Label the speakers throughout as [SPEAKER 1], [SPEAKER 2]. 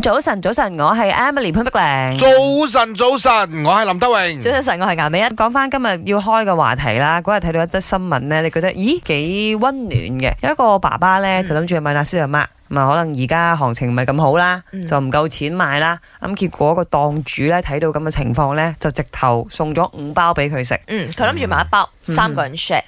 [SPEAKER 1] 早晨，早晨，我係 Emily 潘碧玲。早
[SPEAKER 2] 晨，早晨，我係林德榮。早晨，早
[SPEAKER 1] 晨，我係顏美欣。講翻今日要開嘅話題啦，嗰日睇到一則新聞呢，你覺得咦幾溫暖嘅？有一個爸爸呢，嗯、就諗住買臘腸賣，咁啊可能而家行情唔係咁好啦，就唔夠錢買啦。咁結果個檔主呢，睇到咁嘅情況呢，就直頭送咗五包俾佢食。嗯，佢諗住買一
[SPEAKER 2] 包，嗯、三個人 share。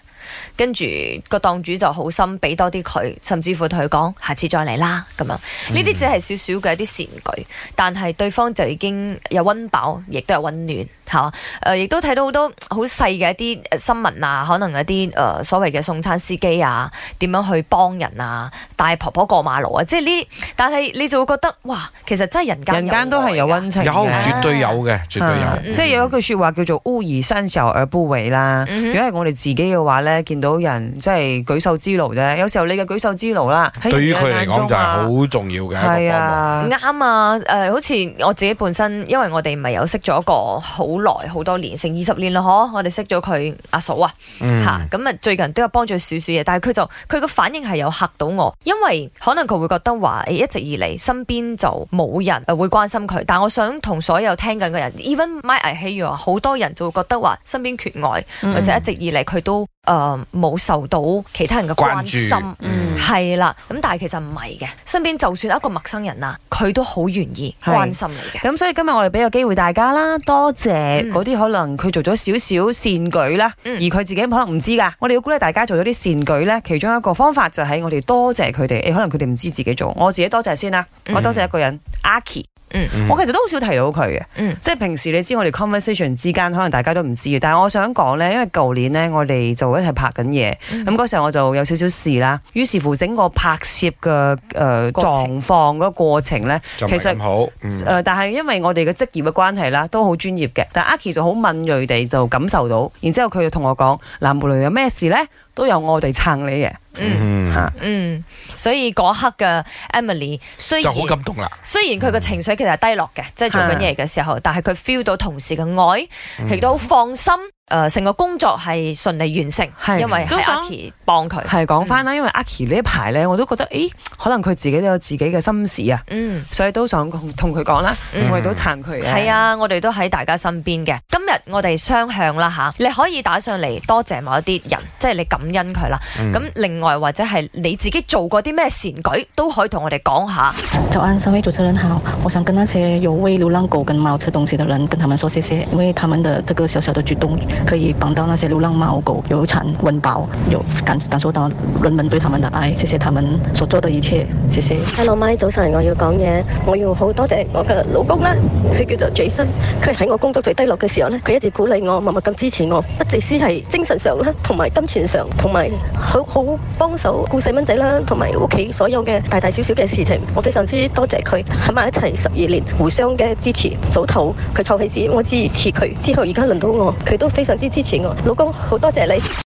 [SPEAKER 2] 跟住個檔主就好心俾多啲佢，甚至乎同佢講下次再嚟啦咁樣。呢啲只係少少嘅一啲善舉，但係對方就已經有溫飽，亦都有溫暖。嚇、嗯！亦都睇到好多好細嘅一啲新聞啊，可能一啲誒、呃、所謂嘅送餐司機啊，點樣去幫人啊，帶婆婆過馬路啊，即係呢？但係你就會覺得哇，其實真係人間、啊、人間都係有
[SPEAKER 1] 温情嘅，有絕對有
[SPEAKER 2] 嘅，絕對有,、啊絕
[SPEAKER 1] 對有啊嗯。即係有一句說話叫做「勿以善小而不為」啦。如果係我哋自己嘅話咧，見到人即係舉手之勞啫。有時候你嘅舉手之勞啦，對於佢嚟講就係好重要嘅係啊一個幫忙。
[SPEAKER 2] 啱啊！誒、啊呃、好似我自己本身，因為我哋唔係有識咗一個好。來好多年，成二十年啦，嗬！我哋識咗佢阿嫂啊，吓咁啊，最近都有幫助佢少少嘢，但係佢就佢個反應係有嚇到我，因為可能佢會覺得話，誒，一直以嚟身邊就冇人會關心佢，但我想同所有聽緊嘅人，even my hero，好多人就會覺得話身邊缺愛，嗯、或者一直以嚟佢都。誒、呃，冇受到其他人嘅關心，係啦。咁、嗯、但係其實唔係嘅，身邊就算一個陌生人啊，
[SPEAKER 1] 佢都好願意關心你嘅。咁所以今日我哋俾個機會大家啦，多謝嗰啲可能佢做咗少少善舉啦，嗯、而佢自己可能唔知噶。我哋要鼓勵大家做咗啲善舉呢，其中一個方法就係我哋多謝佢哋，欸。可能佢哋唔知自己做，我自己多謝先啦。我多謝一個人，嗯、阿 k 嗯，我其實都好少提到佢嘅，嗯。即係平時你知我哋 conversation 之間可能大家都唔知嘅，但係我想講呢，因為舊年呢，我哋就。一齊拍緊嘢，咁、mm-hmm、嗰時候我就有少少事啦。於是乎，整個拍攝嘅誒狀況嘅過程咧，程呢好 mm-hmm. 其實誒、呃，但係因為我哋嘅職業嘅關係啦，都好專業嘅。但阿 Ki 就好敏銳地就感受到，然之後佢就同我講：嗱，無論有咩事咧，都有我哋撐你嘅。嗯
[SPEAKER 2] 嗯，所以嗰刻嘅 Emily 雖然好感動啦，雖然佢嘅情緒其實係低落嘅，mm -hmm. 即係做緊嘢嘅時候，但係佢 feel 到同事嘅愛，亦都好放心。
[SPEAKER 1] 誒、呃，成個工作係順利完成，因為阿 Ki 幫佢。係講翻啦，因為阿 Ki 呢一排咧，我都覺得誒、欸，可能佢自己都有自己嘅心事啊。嗯、mm -hmm.，所以都想同佢講啦，我哋都撐佢。係、mm -hmm. 啊，
[SPEAKER 2] 我哋都喺大家身邊嘅。今日我哋雙向啦吓、啊，你可以打上嚟多謝某一啲人，即、就、係、是、你感恩佢啦。咁、mm -hmm. 另。外或者係你自己做過啲咩善舉，都可以同我哋講下。早安，三位主持人好，我想跟那些有餵流浪狗跟貓吃東西的人，跟他們說謝謝，因為他們的這個小小的舉動，可以幫到那些流浪貓狗有餐温飽，有感感受到人們對他們的愛。謝謝他們所做的一切，謝謝。Hello，媽，早晨，我要講嘢，我要好多謝我嘅老公啦、啊，佢叫做 Jason，佢喺我工作最低落嘅時候呢，佢一直鼓勵我，默默咁支持我，不只係精神上啦，同埋金錢上，同埋好好。幫手顧細蚊仔啦，同埋屋企所有嘅大大小小嘅事情，我非常之多謝佢喺埋一齊十二年，互相嘅支持。早頭佢創業時，我支持佢；之後而家輪到我，佢都非常之支持我。老公，好多謝你。